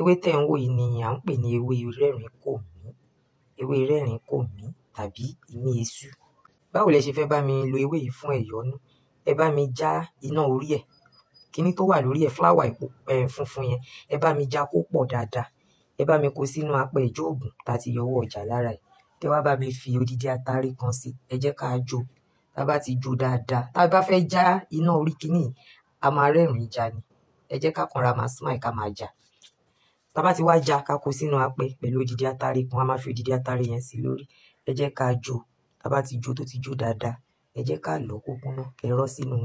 ewé tẹ́ ń wò yìí ni à ń pè ní ewé rẹ́rìn-ín-kòmí ewé rẹ́rìn-ín-kòmí tàbí imí esú báwo lẹ ṣe fẹ́ bá mi lo ewé yìí fún ẹ̀yọ́nú ẹ bá mi já iná orí ẹ̀ kíní tó wà lórí ẹ̀ fúláwà funfun yẹn ẹ bá mi já kó pọ̀ dáadáa ẹ bá mi kó sínú apẹ ìjọ òògùn tá a ti yọwọ́ ọ̀já lára ẹ̀ tẹ́ wá bá mi fi odidi atari kan sí ẹ jẹ́ ká jó tá a bá ti jó dáadáa tá a bá fẹ́ já iná orí kíní a máa rẹ́rìn-ín já ni ẹ jẹ́ ká kanra máa smile ká máa já tá bá ti wá já ká kó sínú apẹ pẹ̀lú odidi atare kan a máa fi odidi atare yẹn sí lórí ẹ jẹ́ ká jó tá bá ti jó tó ti jó dáadáa ẹ jẹ́ ká lọ kó kúnná ẹ rọ́ sínú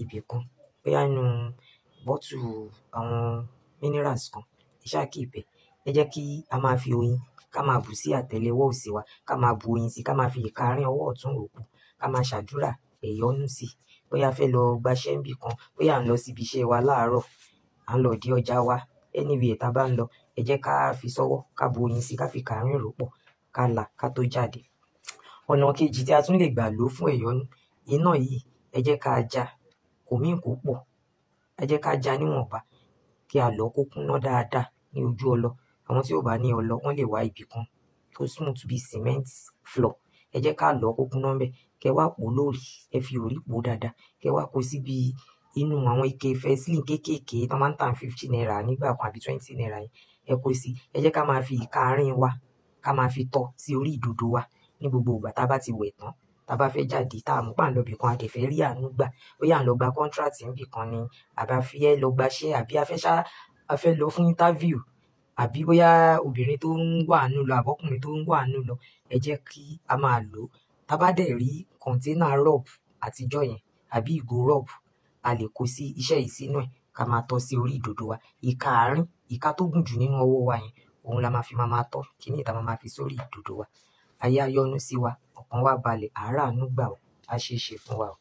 ibì kan bóyá nu bọ́tù àwọn minerals kan ẹ ṣáà kí ibẹ̀ ẹ jẹ́ kí a máa fi oyin ká máa bù sí àtẹlẹwọ́ òsì wa ká máa bu oyin sí ká máa fi ìkarin ọwọ́ ọ̀tún òkú ká máa ṣàdúrà ẹ̀yọ́nú sí bóyá a lọ gbaṣẹ́ níbì kan bóyá à lọ síbi iṣẹ́ wa láàárọ̀ à ń lọ di ọjà wa anyway tá a bá ń lọ ẹ jẹ́ ká fi sọ́wọ́ ká bu oyin sí ká fi kàárín rò pọ̀ ká là ká tó jáde ọ̀nà kejì tí a tún lè gbà lò fún ẹ̀yọ́nú iná yìí ẹ ká ja kò mí kó pọ̀ ẹ ká ja níwọ̀nba kí a lọ kó kúnná dáadáa ní ojú ọlọ àwọn tí ò bá ní ọlọ wọn lè wá ibì kan tó smooth bíi cement floor ẹ jẹ́ ká lọ kó kúnná ńbẹ̀ kẹ wá pò lórí ẹ fi òrí pò dáadáa kẹ kó sí bíi inú àwọn ike Vaseline kéékèèké tó máa ń tà fifty naira nígbà kan àbí twenty naira yẹn ẹ kó sí ẹ jẹ́ ká máa fi ìka wa ká máa fi tọ́ sí orí ìdodo wa ní gbogbo ìgbà tá a bá ti wẹ̀ tán tá a bá fẹ́ jáde tá a mú pàǹdọ̀ bìkan àdẹ̀fẹ́ rí àánú gbà bóyá à ń lọ gba contract níbìkan ni àbá fi ẹ́ lọ gbaṣẹ́ àbí a fẹ́ ṣá a fẹ́ lọ fún interview àbí bóyá obìnrin tó ń wà nù lọ àbọ́kùnrin tó ń wà nù lọ ẹ jẹ́ kí a máa lò tá a bá dẹ̀ rí kọ̀ńténà rọ́ọ̀bù àtijọ́ yẹn àbí ìgò rọ́ọ̀bù a lè kó sí iṣẹ́ yìí sínú ẹ̀ ká máa tọ́ sí orí ìdodo wa ìka àárín ìka tó gùn jù nínú ọwọ́ wa yẹn òun la máa fi máa máa tọ́ kíní ìta máa máa fi sórí ìdodo wa ayé á sí wa ọkàn wa balẹ̀ àáràánú gbà ó á ṣeé ṣe fún wa o